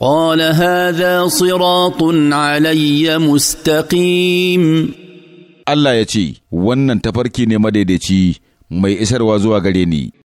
قال هذا صراط mustaqim. Allah ya ce, Wannan tafarki ne madaidaici mai isarwa zuwa gare ni.